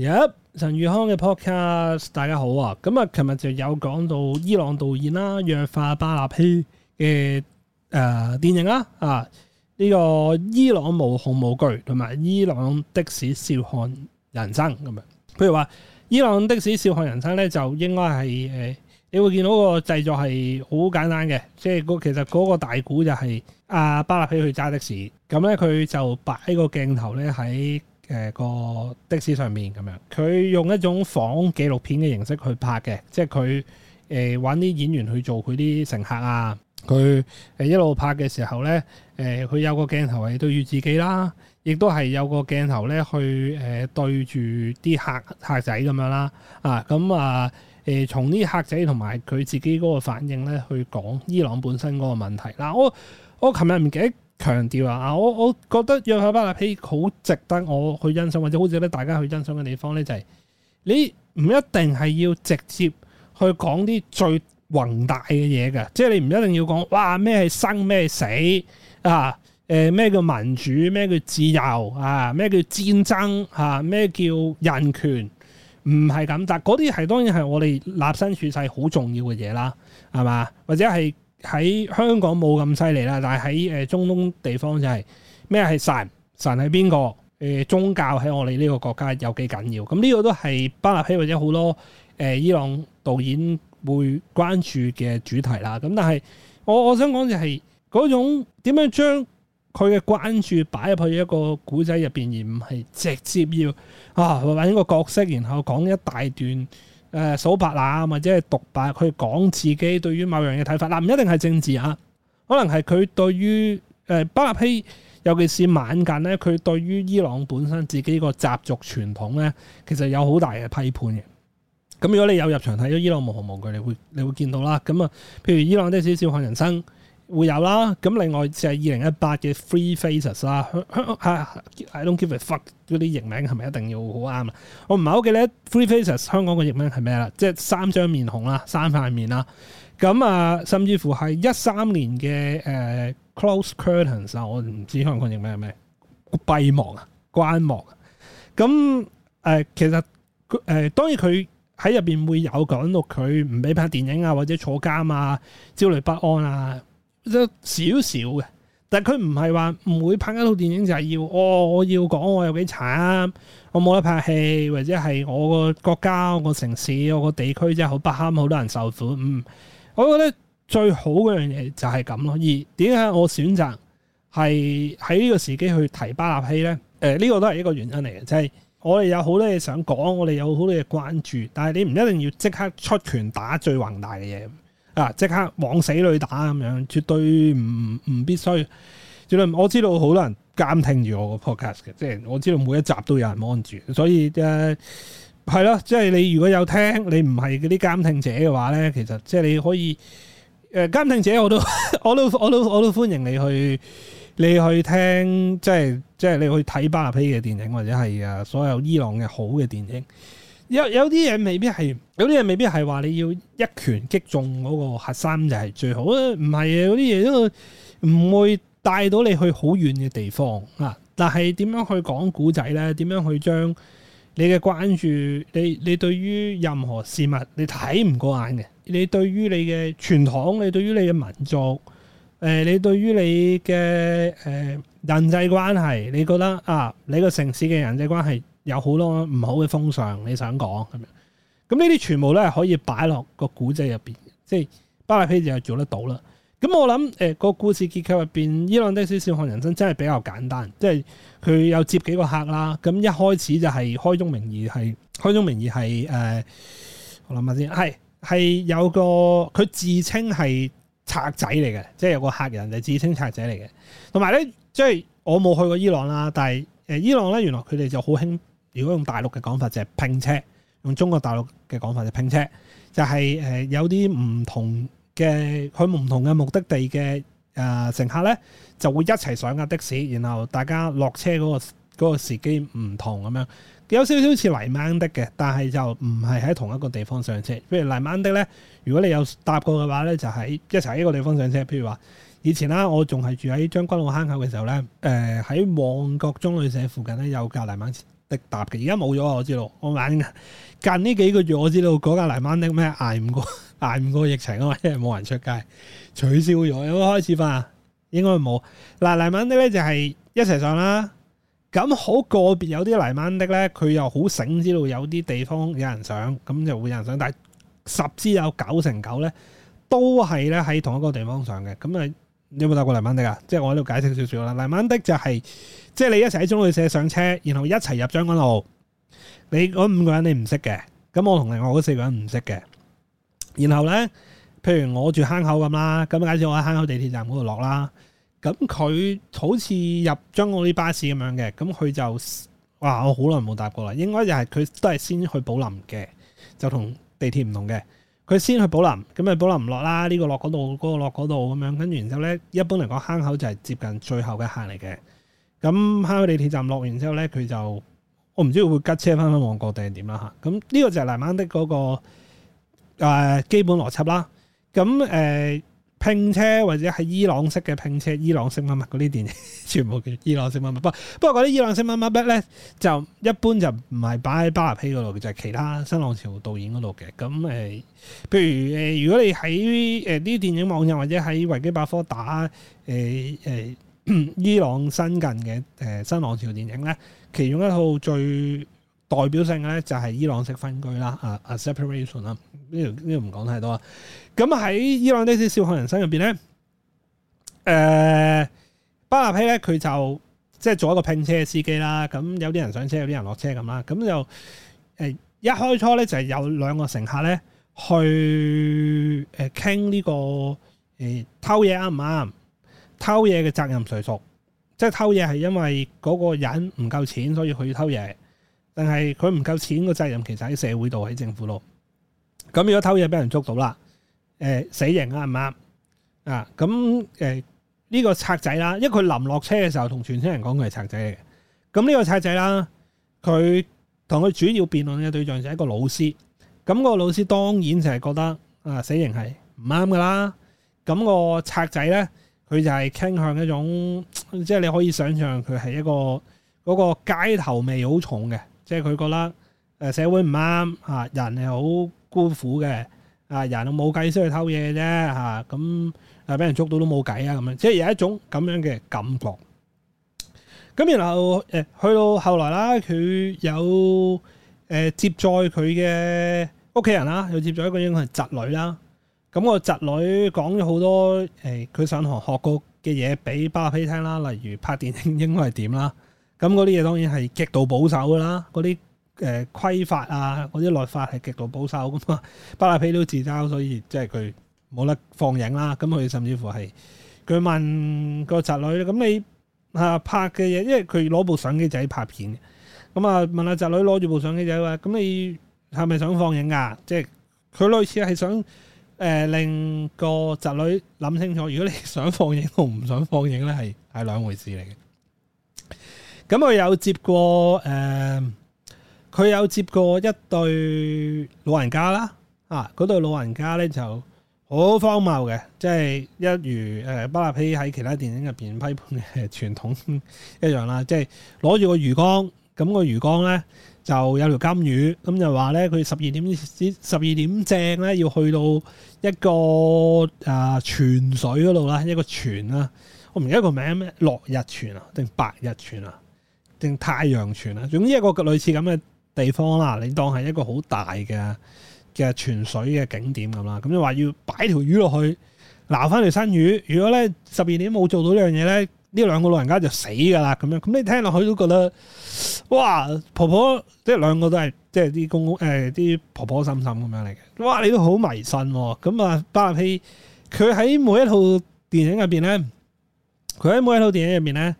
入、yep, 陳宇康嘅 podcast，大家好啊！咁啊，琴日就有講到伊朗導演啦，約化巴納希嘅誒電影啦，啊呢、這個伊朗無恐無懼同埋伊朗的士笑看人生咁樣。譬如話，伊朗的士笑看人生咧，生就應該係誒、呃，你會見到個製作係好簡單嘅，即係嗰、那個、其實嗰個大鼓就係、是、阿、啊、巴納希去揸的士，咁咧佢就擺在個鏡頭咧喺，在誒、呃、個的士上面咁樣，佢用一種仿紀錄片嘅形式去拍嘅，即係佢誒揾啲演員去做佢啲乘客啊，佢誒、呃、一路拍嘅時候呢，誒、呃、佢有個鏡頭係對住自己啦，亦都係有個鏡頭咧去誒、呃、對住啲客客仔咁樣啦，啊咁啊誒、呃、從啲客仔同埋佢自己嗰個反應呢，去講伊朗本身嗰個問題啦、啊。我我琴日唔記得。強調啊！啊，我我覺得《約克巴納皮》好值得我去欣賞，或者好值得大家去欣賞嘅地方咧、就是，就係你唔一定係要直接去講啲最宏大嘅嘢嘅，即、就、係、是、你唔一定要講哇咩係生咩死啊？誒、呃、咩叫民主？咩叫自由啊？咩叫戰爭啊？咩叫人權？唔係咁，但嗰啲係當然係我哋立身處世好重要嘅嘢啦，係嘛？或者係。喺香港冇咁犀利啦，但係喺誒中東地方就係咩係神？神係邊個？誒、呃、宗教喺我哋呢個國家有幾緊要？咁呢個都係巴勒希或者好多誒、呃、伊朗導演會關注嘅主題啦。咁但係我我想講就係、是、嗰種點樣將佢嘅關注擺入去一個古仔入邊，而唔係直接要啊揾個角色，然後講一大段。誒數白欖或者係獨白，去講自己對於某樣嘢睇法，嗱唔一定係政治啊，可能係佢對於誒巴納希，尤其是晚近咧，佢對於伊朗本身自己個習俗傳統咧，其實有好大嘅批判嘅。咁如果你有入場睇咗伊朗無熊無懼，你會你會見到啦。咁啊，譬如伊朗的士笑看人生。會有啦，咁另外就係二零一八嘅 Three Faces 啦、啊，香香嚇，I don't give a fuck 嗰啲譯名係咪一定要好啱啊？我唔係好記咧 Three Faces 香港嘅譯名係咩啦？即係三張面孔啦，三塊面啦，咁啊，甚至乎係一三年嘅誒、呃、Close Curtains 啊，我唔知香港譯名係咩，閉幕啊，關幕啊，咁誒、呃、其實誒、呃、當然佢喺入邊會有講到佢唔俾拍電影啊，或者坐監啊，焦慮不安啊。少少嘅，但係佢唔係話唔會拍一套電影就係要我、哦、我要講我有幾慘，我冇得拍戲或者係我個國家、我個城市、我個地區真係好不堪，好多人受苦。嗯，我覺得最好嗰樣嘢就係咁咯。而點解我選擇係喺呢個時機去提巴拿希咧？誒、呃，呢、這個都係一個原因嚟嘅，就係、是、我哋有好多嘢想講，我哋有好多嘢關注，但係你唔一定要即刻出拳打最宏大嘅嘢。即刻往死裏打咁樣，絕對唔唔必須。絕對我知道好多人監聽住我個 podcast 嘅，即係我知道每一集都有人按住，所以誒係咯，即係你如果有聽，你唔係嗰啲監聽者嘅話咧，其實即係你可以誒、呃、監聽者我都我都我都，我都，我，都我都歡迎你去你去聽，即係即係你去睇巴 a r 嘅電影或者係啊所有伊朗嘅好嘅電影。有有啲嘢未必係，有啲嘢未必係話你要一拳擊中嗰個核心就係最好啊！唔係啊，啲嘢都唔會帶到你去好遠嘅地方啊！但係點樣去講古仔咧？點樣去將你嘅關注，你你對於任何事物你睇唔過眼嘅，你對於你嘅傳統，你對於你嘅民族。誒、呃，你對於你嘅誒、呃、人際關係，你覺得啊，你個城市嘅人際關係有好多唔好嘅風尚，你想講咁樣？咁呢啲全部咧可以擺落個古仔入邊，即係巴馬菲就做得到啦。咁我諗誒、呃，那個故事結局入邊，伊朗的斯笑看人生真係比較簡單，即係佢有接幾個客啦。咁一開始就係開宗明義係開宗明義係誒、呃，我諗下先，係係有個佢自稱係。賊仔嚟嘅，即係有個客人就自稱賊仔嚟嘅，同埋呢，即係我冇去過伊朗啦，但係、呃、伊朗呢，原來佢哋就好興，如果用大陸嘅講法就係拼車，用中國大陸嘅講法就拼車，就係誒有啲唔同嘅去唔同嘅目的地嘅誒乘客呢，就會一齊上架的士，然後大家落車嗰個。嗰、那個時機唔同咁樣，有少少似泥猛的嘅，但係就唔係喺同一個地方上車。譬如泥猛的咧，如果你有搭過嘅話咧，就喺、是、一齊喺一個地方上車。譬如話，以前啦，我仲係住喺將軍澳坑口嘅時候咧，誒、呃、喺旺角中旅社附近咧有架泥猛的搭嘅，而家冇咗我知道。我揾嘅。近呢幾個月我知道嗰架泥猛的咩捱唔過捱唔過疫情啊嘛，因為冇人出街，取消咗，有冇開始翻啊？應該冇。嗱，泥猛的咧就係一齊上啦。咁、那、好個別有啲泥鯭的咧，佢又好醒，知道有啲地方有人上，咁就會有人上。但係十之有九成九咧，都係咧喺同一個地方上嘅。咁啊，你有冇搭過泥鯭的啊、就是？即係我喺度解釋少少啦。泥鯭的就係，即係你一齊喺中旅社上車，然後一齊入將軍澳。你嗰五個人你唔識嘅，咁我同另外嗰四個人唔識嘅。然後咧，譬如我住坑口咁啦，咁介紹我喺坑口地鐵站嗰度落啦。咁佢好似入將澳啲巴士咁樣嘅，咁佢就話，我好耐冇搭過啦。應該就係佢都係先去寶林嘅，就同地鐵唔同嘅。佢先去寶林，咁啊寶林唔落啦，這個那個、呢個落嗰度，嗰個落嗰度咁樣，跟住然之後咧，一般嚟講坑口就係接近最後嘅客嚟嘅。咁坑口地鐵站落完之後咧，佢就我唔知會吉車翻返旺角定係點啦嚇。咁呢個就係嚟晚的嗰、那個、呃、基本邏輯啦。咁拼車或者係伊朗式嘅拼車，伊朗式乜乜嗰啲電影，全部叫伊朗式乜乜。不過不過嗰啲伊朗式乜乜乜咧，就一般就唔係擺喺巴亞希嗰度，就係、是、其他新浪潮導演嗰度嘅。咁誒，譬如誒、呃，如果你喺誒啲電影網站或者喺維基百科打誒誒、呃呃、伊朗新近嘅誒新浪潮電影咧，其中一套最代表性咧就係伊朗式分居啦啊啊 separation 啦。呢度呢度唔講太多啊，咁喺伊朗呢啲笑看人生入邊咧誒巴納希咧佢就即係、就是、做一個拼車嘅司機啦，咁有啲人上車有啲人落車咁啦，咁就誒一開初咧就係有兩個乘客咧去誒傾呢個誒、呃、偷嘢啱唔啱，偷嘢嘅責任誰屬，即係偷嘢係因為嗰個人唔夠錢所以佢要偷嘢。但係佢唔夠錢個責任，其實喺社會度，喺政府度。咁如果偷嘢俾人捉到啦，誒，死刑啱唔啱？啊？咁誒呢個賊仔啦，因為佢臨落車嘅時候同全車人講佢係賊仔嚟嘅。咁呢個賊仔啦，佢同佢主要辯論嘅對象就係一個老師。咁個老師當然就係覺得啊，死刑係唔啱噶啦。咁個賊仔咧，佢就係傾向一種，即係你可以想象佢係一個嗰個街頭味好重嘅。即係佢覺得誒，社會唔啱嚇，人係好孤苦嘅啊，人冇計先去偷嘢啫嚇，咁啊俾人捉到都冇計啊咁樣，即係有一種咁樣嘅感覺。咁然後誒去到後來啦，佢有誒接載佢嘅屋企人啦，又接載一個應該係侄女啦。咁個侄女講咗好多誒，佢上堂學過嘅嘢俾巴菲特聽啦，例如拍電影應該係點啦。咁嗰啲嘢當然係極度保守噶啦，嗰啲、呃、規法啊，嗰啲內法係極度保守咁啊，不拿皮都自嘲，所以即係佢冇得放映啦。咁佢甚至乎係佢問個侄女：咁你啊拍嘅嘢，因為佢攞部相機仔拍片咁啊，問下侄女攞住部相機仔話：咁你係咪想放映呀、啊？」即係佢類似係想、呃、令個侄女諗清楚，如果你想放映同唔想放映咧，係係兩回事嚟嘅。咁佢有接過，誒、呃，佢有接過一對老人家啦，啊，嗰對老人家咧就好荒謬嘅，即、就、係、是、一如誒、呃、巴立希喺其他電影入邊批判嘅傳統一樣啦，即係攞住個魚缸，咁個魚缸咧就有條金魚，咁就話咧佢十二點，十二點正咧要去到一個啊泉水嗰度啦，一個泉啦、啊，我唔記得個名咩，落日泉啊定白日泉啊？定太陽泉啊，總之一個類似咁嘅地方啦，你當係一個好大嘅嘅泉水嘅景點咁啦。咁你話要擺條魚落去，撈翻條新魚。如果咧十二年冇做到呢樣嘢咧，呢兩個老人家就死㗎啦。咁樣咁你聽落去都覺得，哇！婆婆即係兩個都係即係啲公公誒啲、呃、婆婆心心咁樣嚟嘅。哇！你都好迷信喎。咁啊，巴立希佢喺每一套電影入邊咧，佢喺每一套電影入邊咧。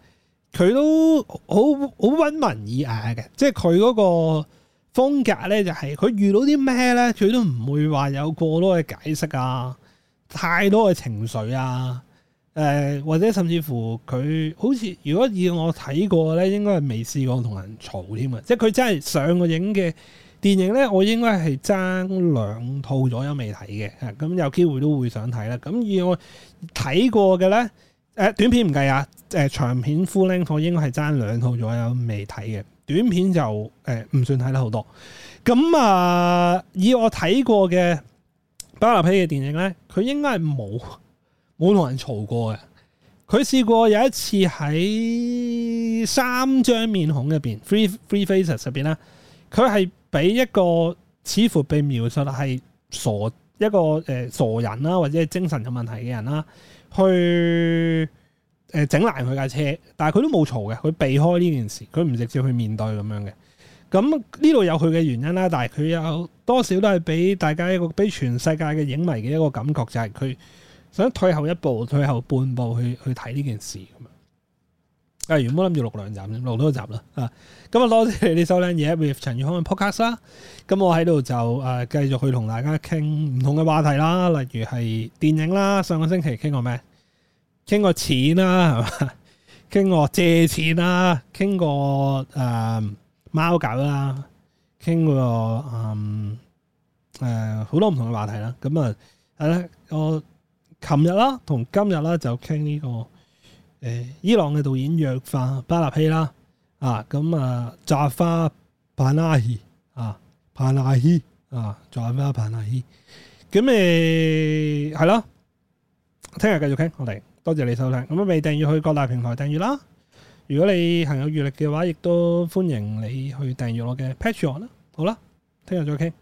佢都好好溫文爾雅嘅，即係佢嗰個風格呢，就係佢遇到啲咩呢，佢都唔會話有過多嘅解釋啊，太多嘅情緒啊，誒、呃，或者甚至乎佢好似如果以我睇過呢，應該係未試過同人嘈添啊！即係佢真係上個影嘅電影呢，我應該係爭兩套左右未睇嘅，咁有機會都會想睇啦。咁以我睇過嘅呢。誒，短片唔計啊，誒、呃，長片 full length 應該係爭兩套咗右未睇嘅，短片就誒唔、呃、算睇得好多。咁啊、呃，以我睇過嘅《巴拿比》嘅電影咧，佢應該係冇冇同人嘈過嘅。佢試過有一次喺三張面孔入邊 f r e e t r e e faces） 入邊啦，佢係俾一個似乎被描述係傻一個誒、呃、傻人啦，或者係精神有問題嘅人啦。去誒，整爛佢架車，但係佢都冇嘈嘅，佢避開呢件事，佢唔直接去面對咁樣嘅。咁呢度有佢嘅原因啦，但係佢有多少都係俾大家一個，俾全世界嘅影迷嘅一個感覺，就係、是、佢想退後一步，退後半步去去睇呢件事咁樣。啊！唔好諗住錄兩集，錄多集啦。啊，咁啊，多謝你收聽嘢 with 陳宇康嘅 podcast 啦。咁我喺度就誒，繼續去同大家傾唔同嘅話題啦。例如係電影啦，上個星期傾過咩？傾過錢啦，係嘛？傾過借錢啦，傾過誒貓狗啦，傾嗰個誒好多唔同嘅話題啦。咁啊，係咧，我琴日啦，同今日啦，就傾呢個。誒伊朗嘅導演約化巴納希、啊啊 Banahi，啊 Panahi 啊、啦，啊咁啊扎花帕拉希啊帕拉希啊扎花帕拉希，咁咪係咯。聽日繼續傾，我哋多謝你收聽。咁咪未訂閱去各大平台訂閱啦。如果你行有餘力嘅話，亦都歡迎你去訂閱我嘅 Patreon 啦。好啦，聽日再傾。